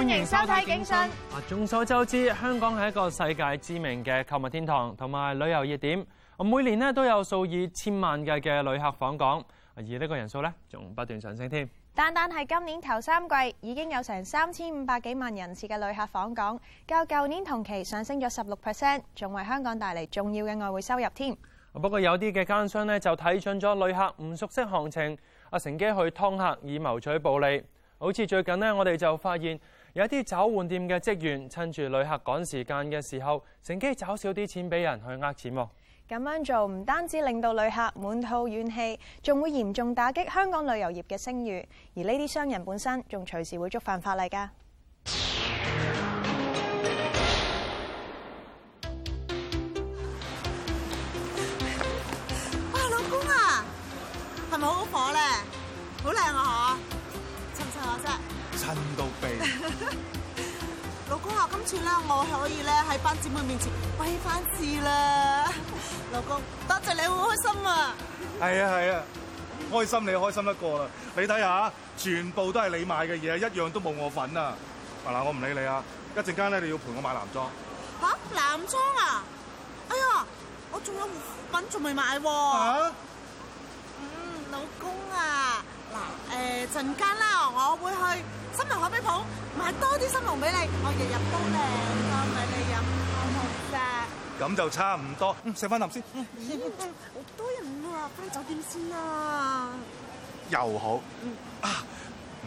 歡迎收睇《警訊》。啊，眾所周知，香港係一個世界知名嘅購物天堂同埋旅遊熱點。我每年咧都有數以千萬計嘅旅客訪港，而呢個人數呢，仲不斷上升添。單單係今年頭三季已經有成三千五百幾萬人次嘅旅客訪港，較舊年同期上升咗十六 percent，仲為香港帶嚟重要嘅外匯收入添。不過有啲嘅奸商呢，就睇準咗旅客唔熟悉行情，啊，乘機去劏客以謀取暴利。好似最近呢，我哋就發現，有一啲找換店嘅職員趁住旅客趕時間嘅時候，乘機找少啲錢俾人去呃錢，咁樣做唔單止令到旅客滿肚怨氣，仲會嚴重打擊香港旅遊業嘅聲譽。而呢啲商人本身仲隨時會觸犯法例噶。住啦！我可以咧喺班姊妹面前威翻事啦，老公，多謝你，好開心啊！係啊係啊，開心你開心得過啦！你睇下，全部都係你買嘅嘢，一樣都冇我份啊！嗱，我唔理你啊！一陣間咧你要陪我買男裝。吓，男裝啊？哎呀，我仲有護膚品仲未買吓，嗯，老公。誒，陣間啦，我會去森林海比鋪買多啲森龍俾你。我日日都靚，俾你飲，好唔好啫？咁就差唔多，食翻啖先。好 多人啊，翻酒店先啦。又好、嗯、啊，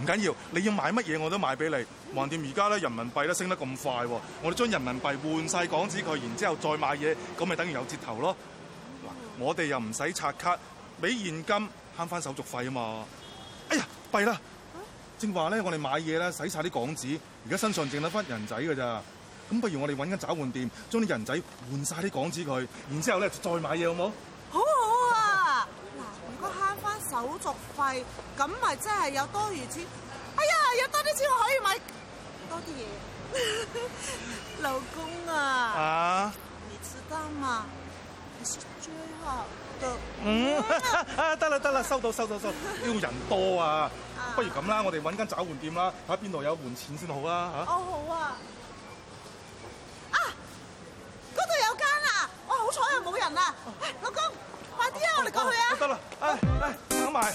唔緊要。你要買乜嘢，我都買俾你。橫掂而家咧，人民幣咧升得咁快，我哋將人民幣換晒港紙佢，然之後再買嘢，咁咪等於有折頭咯。嗱，我哋又唔使刷卡，俾現金慳翻手續費啊嘛。弊啦，正話咧，我哋買嘢咧，使晒啲港紙，而家身上淨得翻人仔噶咋，咁不如我哋揾間找換店，將啲人仔換晒啲港紙佢，然之後咧再買嘢好唔好？好好啊，嗱、啊，如果慳翻手續費，咁咪真係有多餘錢，哎呀，有多啲錢我可以買多啲嘢。 老公啊,啊，你知道嘛？你是最幸嗯，啊得、啊、啦得啦，收到收到收到，要人多啊，啊不如咁啦，我哋搵間找換店啦，睇下邊度有換錢先好啦吓。哦好啊，啊，嗰、哦、度、啊啊、有間啊！哇，好彩又冇人啊，老公，啊、快啲啊，我哋過去啊。得、啊啦，啊啦，啊啊、啦，哎哎，等埋！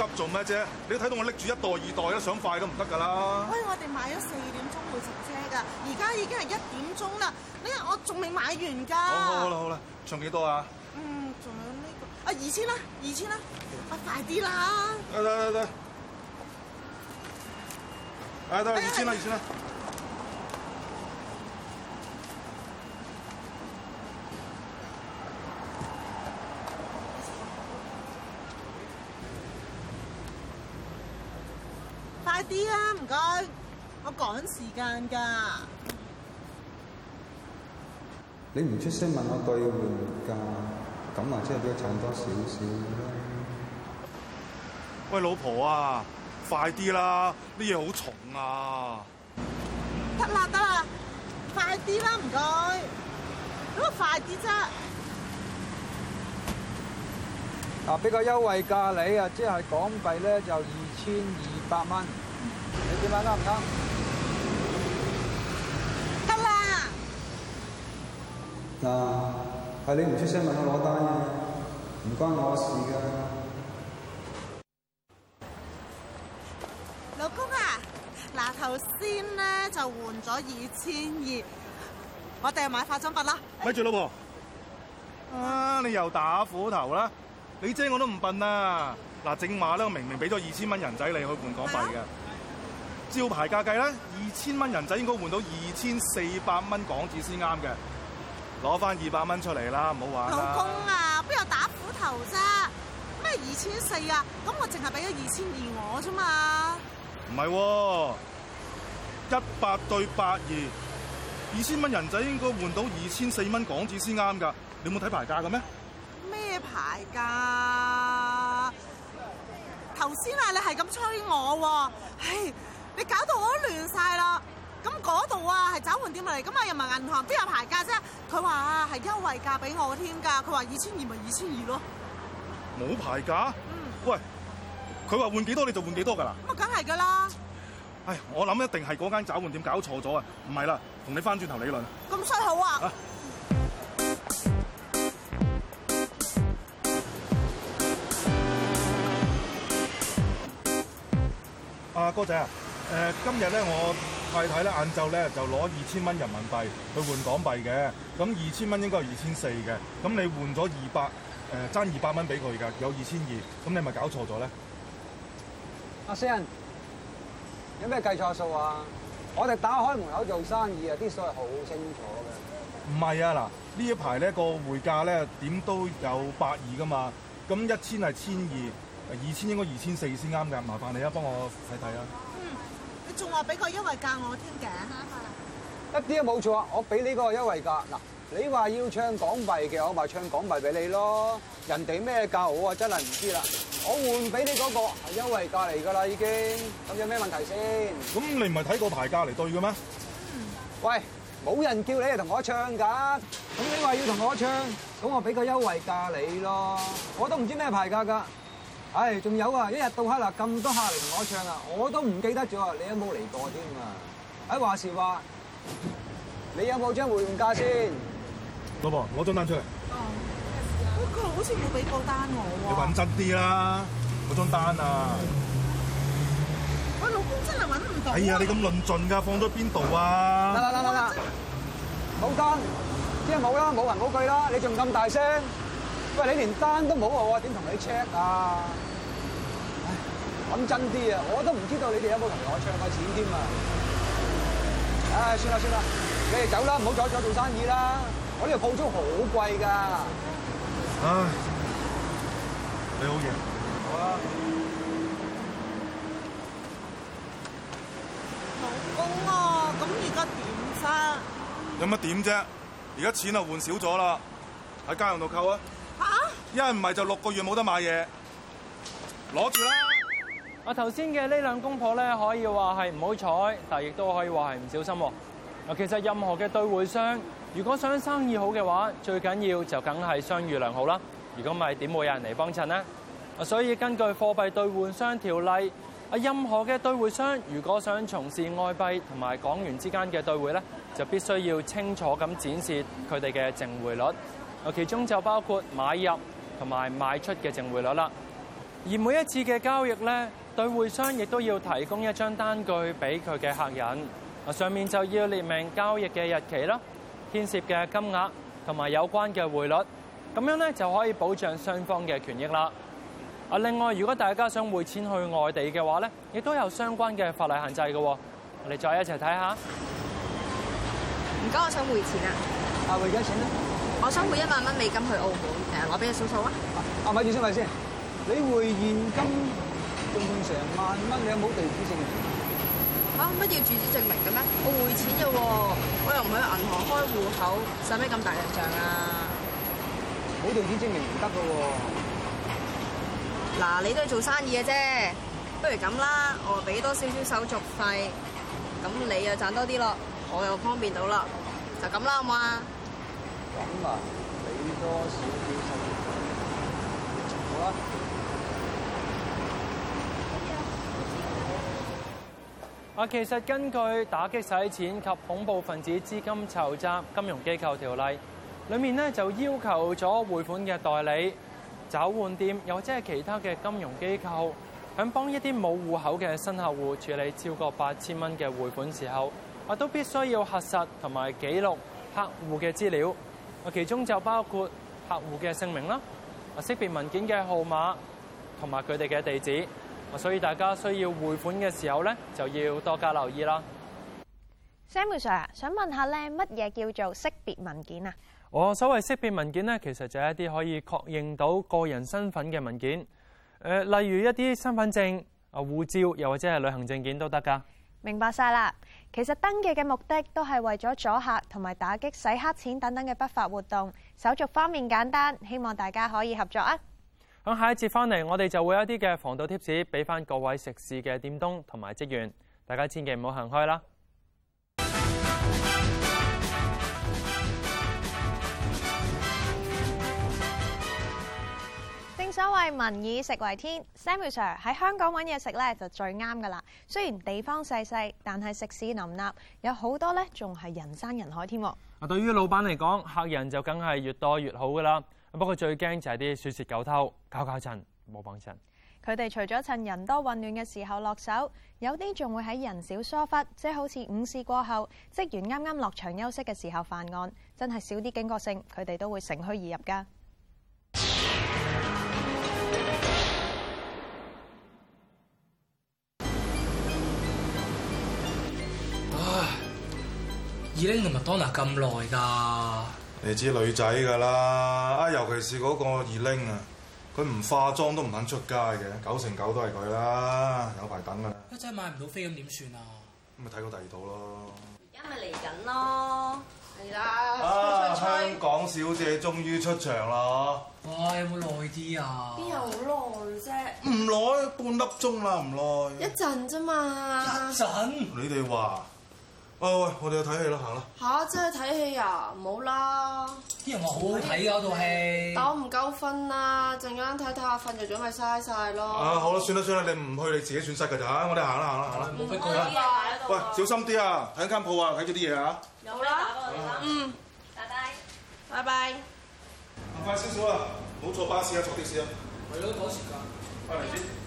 急做咩啫？你都睇到我拎住一袋二袋一想快都唔得噶啦！喂，我哋買咗四點鐘會停車噶，而家已經係一點鐘啦。你我仲未買完噶。好好好啦好啦，仲幾多啊？嗯，仲有呢、這個啊，二千啦、啊，二千啦、啊，啊快啲啦！得得得，啊得、啊啊啊啊啊啊啊、二千啦、啊啊、二千啦、啊。啊二千啊啊二千啊趕時間㗎！你唔出聲問我對換價，咁或即係比較賺多少少。喂，老婆啊，快啲啦！啲嘢好重啊！得啦得啦，快啲啦唔該，咁啊快啲啫。啊，俾個優惠價你啊，即係港幣咧就二千二百蚊，你點解啱唔啱？行嗱、啊，係你唔出聲問我攞單嘅，唔關我事㗎。老公啊，嗱，頭先咧就換咗二千二，我哋買化妝品啦。咪住老婆，啊，你又打斧頭啦！你姐我都唔笨啊。嗱，正話啦，我明明俾咗二千蚊人仔你去換港幣嘅，照、啊、牌價計咧，二千蚊人仔應該換到二千四百蚊港紙先啱嘅。攞翻二百蚊出嚟啦，唔好玩。老公啊，邊有打斧頭啫、啊？咩二千四啊？咁我淨係俾咗二千二我啫嘛？唔係，一百對百二，二千蚊人仔應該換到二千四蚊港紙先啱噶。你冇睇牌價嘅咩？咩牌價？頭先啊，你係咁催我喎、啊，嘿、哎，你搞到我都亂晒啦！嗰度啊，係找換店嚟，咁啊又唔係銀行，邊有牌價啫、啊？佢話啊係優惠價俾我添噶，佢話二千二咪二千二咯。冇牌價？嗯。喂，佢話換幾多你就換幾多噶啦。咁啊，梗係噶啦。唉，我諗一定係嗰間找換店搞錯咗啊，唔係啦，同你翻轉頭理論。咁衰好啊！啊，哥仔啊，誒、呃，今日咧，我。睇睇咧，晏晝咧就攞二千蚊人民幣去換港幣嘅，咁二千蚊應該係二千四嘅，咁你換咗二百誒，爭二百蚊俾佢㗎，有二千二，咁你咪搞錯咗咧？阿 Sam，有咩計錯數啊？我哋打開門口做生意啊，啲數係好清楚嘅。唔係啊，嗱，呢一排咧個匯價咧點都有百二噶嘛，咁一千係千二，二千應該二千四先啱㗎，麻煩你啊，幫我睇睇啊。你仲話俾個優惠價我添嘅，一啲都冇錯啊！我俾你個優惠價，嗱，你話要唱港幣嘅，我咪唱港幣俾你咯。人哋咩價我啊真係唔知啦。我換俾你嗰個係優惠價嚟噶啦，已經。咁有咩問題先？咁你唔係睇過牌價嚟對嘅咩？喂，冇人叫你嚟同我唱噶，咁你話要同我唱，咁我俾個優惠價你咯。我都唔知咩牌價噶。唉，仲有啊！一日到黑啦，咁多客嚟同我唱啊，我都唔記得咗，你有冇嚟過添啊！喺話時話，你有冇張會員卡先？老婆，攞張單出嚟。哦，我今日好似冇俾過單我喎。你穩陣啲啦，我張單啊！我老公真係穩唔到。哎呀，你咁論盡噶，放咗邊度啊？嗱嗱嗱嗱嗱！冇單，即係冇啦，冇憑冇據啦，你仲咁大聲？喂，你連單都冇啊？點同你 check 啊？諗真啲啊，我都唔知道你哋有冇同我 check 過錢添啊！唉，算啦算啦，你哋走啦，唔好阻再做生意啦！我呢度鋪租好貴噶。唉，你好嘢，好啊。老公啊，咁而家點差？有乜點啫？而家錢啊換少咗啦，喺家用度扣啊！一唔係就六個月冇得買嘢，攞住啦！我頭先嘅呢兩公婆咧，可以話係唔好彩，但係亦都可以話係唔小心。啊，其實任何嘅兌換商，如果想生意好嘅話，最緊要就梗係商譽良好啦。如果唔係點會有人嚟幫襯呢？啊，所以根據貨幣兌換商條例，啊任何嘅兌換商，如果想從事外幣同埋港元之間嘅兌換咧，就必須要清楚咁展示佢哋嘅淨匯率。啊，其中就包括買入。同埋賣出嘅淨匯率啦，而每一次嘅交易咧，兌換商亦都要提供一張單據俾佢嘅客人，啊，上面就要列明交易嘅日期啦，牽涉嘅金額同埋有關嘅匯率，咁樣咧就可以保障雙方嘅權益啦。啊，另外如果大家想匯錢去外地嘅話咧，亦都有相關嘅法例限制嘅，我哋再一齊睇下。唔該，我想匯錢啊！啊，匯幾多錢咧？我想匯一萬蚊美金去澳門，誒，我俾你數數啊。啊，咪住先，咪先。你匯現金仲成萬蚊，你有冇地址證明？吓，乜要住址證明嘅咩？我匯錢嘅，我又唔去銀行開戶口，使咩咁大印象啊？冇地址證明唔得㗎喎。嗱，你都係做生意嘅啫，不如咁啦，我俾多少少手續費，咁你又賺多啲咯，我又方便到啦，就咁啦，好唔好啊？咁啊，俾多少少？好啊。啊，其實根據《打擊洗錢及恐怖分子資金籌集金融機構條例》裏面呢就要求咗匯款嘅代理、找換店，又或者係其他嘅金融機構，響幫一啲冇戶口嘅新客戶處理超過八千蚊嘅匯款時候，啊，都必須要核實同埋記錄客戶嘅資料。啊，其中就包括客戶嘅姓名啦，啊，識別文件嘅號碼同埋佢哋嘅地址，所以大家需要匯款嘅時候咧，就要多加留意啦。Sam Sir，想問下咧，乜嘢叫做識別文件啊？哦，所謂識別文件咧，其實就係一啲可以確認到個人身份嘅文件，呃，例如一啲身份證、啊，護照，又或者係旅行證件都得噶。明白晒啦，其實登記嘅目的都係為咗阻吓同埋打擊洗黑錢等等嘅不法活動，手續方面簡單，希望大家可以合作啊！咁下一節翻嚟，我哋就會有一啲嘅防盜貼士俾翻各位食肆嘅店東同埋職員，大家千祈唔好行開啦。所謂民以食為天 Samuel 喺香港揾嘢食咧就最啱噶啦。雖然地方細細，但係食肆林立，有好多咧仲係人山人海添。啊，對於老闆嚟講，客人就梗係越多越好噶啦。不過最驚就係啲鼠竊狗偷搞搞震，冇幫襯。佢哋除咗趁人多混亂嘅時候落手，有啲仲會喺人少疏忽，即係好似午市過後，職員啱啱落場休息嘅時候犯案，真係少啲警覺性，佢哋都會乘虛而入噶。二零同埋麥當娜咁耐㗎，你知女仔㗎啦，啊尤其是嗰個二零啊，佢唔化妝都唔肯出街嘅，九成九都係佢啦，有排等㗎喇，佢真係買唔到飛咁點算啊？咁咪睇個第二套咯。而家咪嚟緊咯，嚟、啊、啦！香港小姐終於出場啦！哇，有冇耐啲啊？邊有耐啫？唔耐半粒鐘啦，唔耐。一陣啫嘛。一陣，你哋話？喂、哦、喂，我哋去睇戲啦，行啦、啊！嚇，真係睇戲呀？唔好啦！啲人話好睇噶嗰套戲，但我唔夠瞓啦，陣間睇睇下瞓著咗咪嘥晒咯。啊，好啦，算啦算啦，你唔去你自己損失噶咋，我哋行啦行啦行啦，冇、嗯啊、喂，小心啲啊！睇間鋪啊，睇住啲嘢啊！有啦，嗯，拜拜，拜拜。行快少少啊，唔好坐巴士啊，坐的士啊，為咗趕時間。係。拜拜。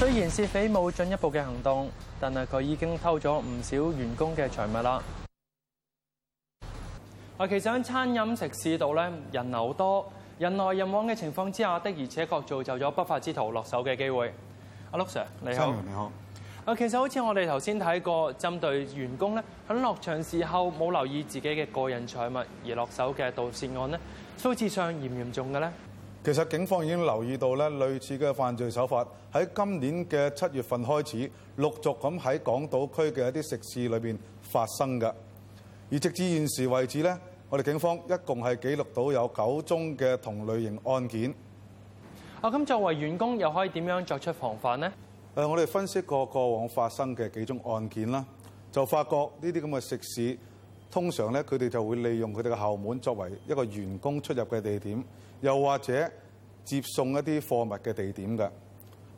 雖然是匪冇進一步嘅行動，但係佢已經偷咗唔少員工嘅財物啦。啊，其實喺餐飲食肆度咧，人流多、人來人往嘅情況之下，的而且確造就咗不法之徒落手嘅機會。阿駱 Sir，你好。你好。啊，其實好似我哋頭先睇過，針對員工咧喺落場時候冇留意自己嘅個人財物而落手嘅盜竊案呢，數字上嚴唔嚴重嘅咧？其實警方已經留意到咧，類似嘅犯罪手法喺今年嘅七月份開始，陸續咁喺港島區嘅一啲食肆裏邊發生㗎。而直至現時為止咧，我哋警方一共係記錄到有九宗嘅同類型案件。啊，咁作為員工又可以點樣作出防範呢？誒，我哋分析過過往發生嘅幾宗案件啦，就發覺呢啲咁嘅食肆通常咧，佢哋就會利用佢哋嘅後門作為一個員工出入嘅地點。又或者接送一啲貨物嘅地點嘅，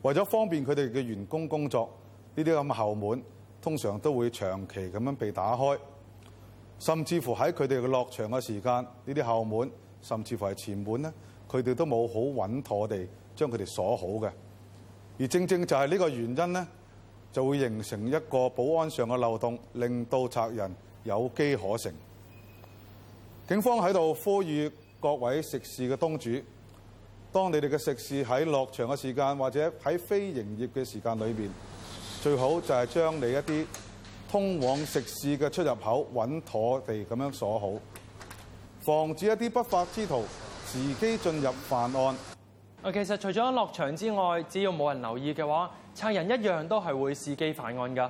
為咗方便佢哋嘅員工工作，呢啲咁嘅後門通常都會長期咁樣被打開，甚至乎喺佢哋嘅落場嘅時間，呢啲後門甚至乎係前門咧，佢哋都冇好穩妥地將佢哋鎖好嘅。而正正就係呢個原因咧，就會形成一個保安上嘅漏洞，令到賊人有機可乘。警方喺度呼籲，各位食肆嘅東主，當你哋嘅食肆喺落場嘅時間，或者喺非營業嘅時間裏面，最好就係將你一啲通往食肆嘅出入口穩妥地咁樣鎖好，防止一啲不法之徒自己進入犯案。啊，其實除咗落場之外，只要冇人留意嘅話，賊人一樣都係會伺機犯案㗎。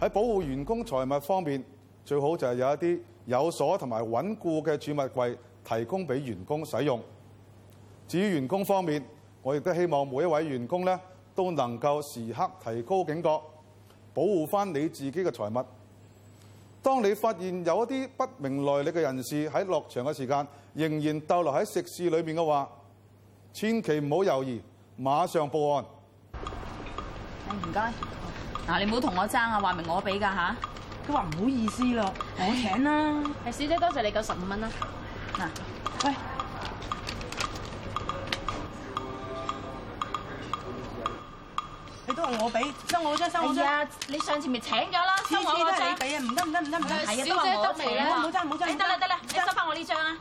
喺保護員工財物方面，最好就係有一啲有鎖同埋穩固嘅儲物櫃提供俾員工使用。至於員工方面，我亦都希望每一位員工咧，都能夠時刻提高警覺，保護翻你自己嘅財物。當你發現有一啲不明來歷嘅人士喺落場嘅時間，仍然逗留喺食肆裏面嘅話，千祈唔好猶豫，馬上報案。誒，唔該，嗱你唔好同我爭說我啊，話明我俾㗎嚇。佢話唔好意思咯、哎，我請啦。係，小姐，多謝你九十五蚊啦。嗱、啊，喂、哎哎，你都係我俾，收我張收我張。呀，你上次咪請咗啦。都我俾啊！唔得唔得唔得唔得，係啊，都話我攞啦，唔好爭唔好爭，得啦得啦，你收翻我呢張啊！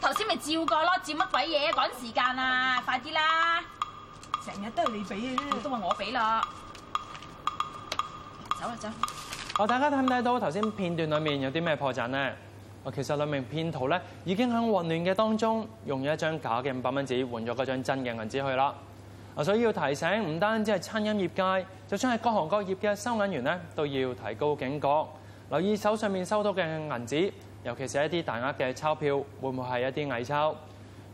頭先咪照過咯，照乜鬼嘢啊？趕時間、哦、啊，快啲啦！成日都係你俾啊，都話我俾啦，走啊，走！好，大家睇唔睇到頭先片段裏面有啲咩破綻咧？哦，其實兩名騙徒咧已經喺混亂嘅當中，用咗一張假嘅五百蚊紙換咗嗰張真嘅銀紙去啦。所以要提醒，唔單止係餐飲業界，就算係各行各業嘅收銀員咧，都要提高警覺，留意手上面收到嘅銀紙，尤其是一啲大額嘅鈔票，會唔會係一啲偽鈔？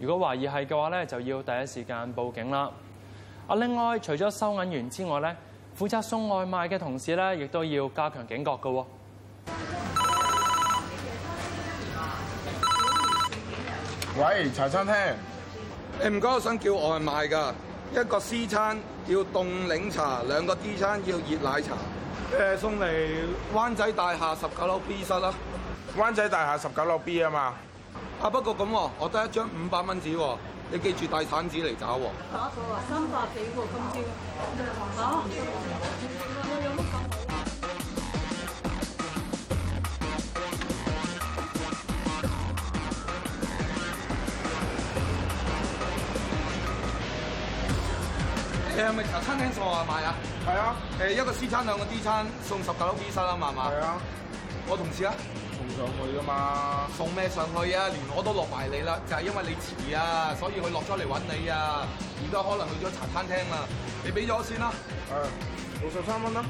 如果懷疑係嘅話咧，就要第一時間報警啦。啊，另外除咗收銀員之外咧，負責送外賣嘅同事咧，亦都要加強警覺㗎。喂，茶餐廳，誒唔該，我想叫外賣㗎。一個 C 餐要凍檸茶，兩個 D 餐要熱奶茶。誒，送嚟灣仔大廈十九樓 B 室啦。灣仔大廈十九樓 B 啊嘛。啊，不過咁，我得一張五百蚊紙喎，你記住帶散紙嚟找喎。打咗啊，三百幾喎，今朝。啊嗯你係咪茶餐廳送外賣啊？係啊。誒，一個 C 餐，兩個 D 餐，送十九樓 E 室啊嘛，係嘛？係啊。我同事啊？送上去㗎嘛？送咩上去啊？連我都落埋你啦，就係、是、因為你遲啊，所以佢落咗嚟揾你啊。而家可能去咗茶餐廳啦。你俾咗先啦、啊。誒，六十三蚊啦。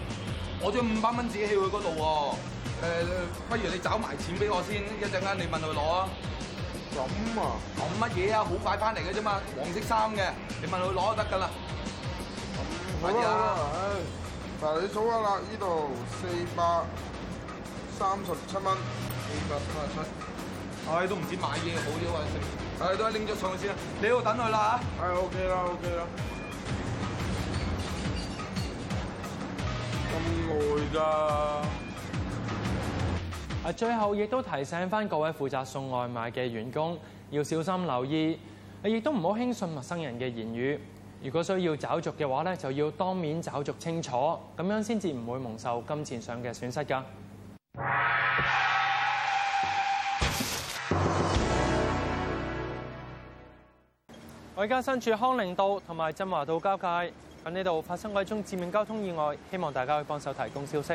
我將五百蚊自己去佢嗰度喎。不如你找埋錢俾我先。一陣間你問佢攞啊。咁啊？咁乜嘢啊？好快翻嚟嘅啫嘛。黃色衫嘅，你問佢攞就得㗎啦。係啊，嗱、哎哎、你數下啦，呢度四百三十七蚊，四百七十七。唉、哎，都唔知買嘢好定還係，唉、哎，都係拎咗上去先啊！你要等佢啦嚇。OK 啦 OK 啦。咁耐㗎。啊，最後亦都提醒返各位負責送外賣嘅員工，要小心留意，亦都唔好輕信陌生人嘅言語。如果需要找續嘅話咧，就要當面找續清楚，咁樣先至唔會蒙受金錢上嘅損失㗎。我而家身處康寧道同埋振華道交界，喺呢度發生過一宗致命交通意外，希望大家可以幫手提供消息。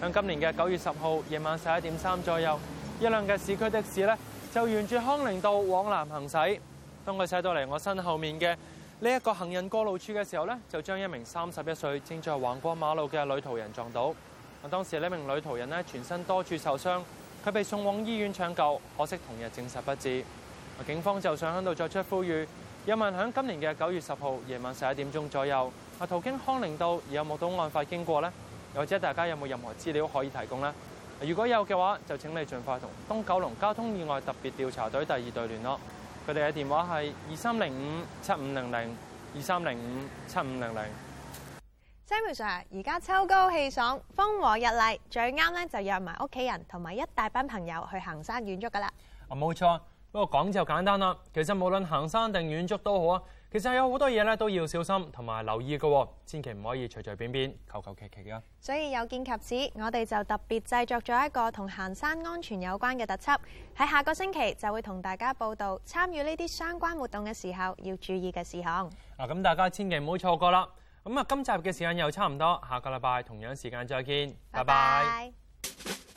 響今年嘅九月十號夜晚十一點三左右，一輛嘅市區的士咧就沿住康寧道往南行駛，當佢駛到嚟我身後面嘅。呢、這、一個行人過路處嘅時候呢，就將一名三十一歲正在橫過馬路嘅女途人撞到。當當時呢名女途人全身多處受傷，佢被送往醫院搶救，可惜同日證實不治。警方就想喺度作出呼籲，又問喺今年嘅九月十號夜晚十一點鐘左右，啊途經康寧道有冇到案發經過呢？又或者大家有冇任何資料可以提供呢？如果有嘅話，就請你盡快同東九龍交通意外特別調查隊第二隊聯絡。佢哋嘅電話係二三零五七五零零二三零五七五零零。Sam Sir，而家秋高氣爽，風和日麗，最啱咧就約埋屋企人同埋一大班朋友去行山遠足噶啦。冇錯，不過講就簡單啦。其實無論行山定遠足都好啊。其實有好多嘢咧都要小心同埋留意嘅，千祈唔可以隨隨便便、求求其其㗎。所以有見及此，我哋就特別製作咗一個同行山安全有關嘅特輯，喺下個星期就會同大家報道。參與呢啲相關活動嘅時候，要注意嘅事項。啊，咁大家千祈唔好錯過啦。咁啊，今集嘅時間又差唔多，下個禮拜同樣時間再見，拜拜。拜拜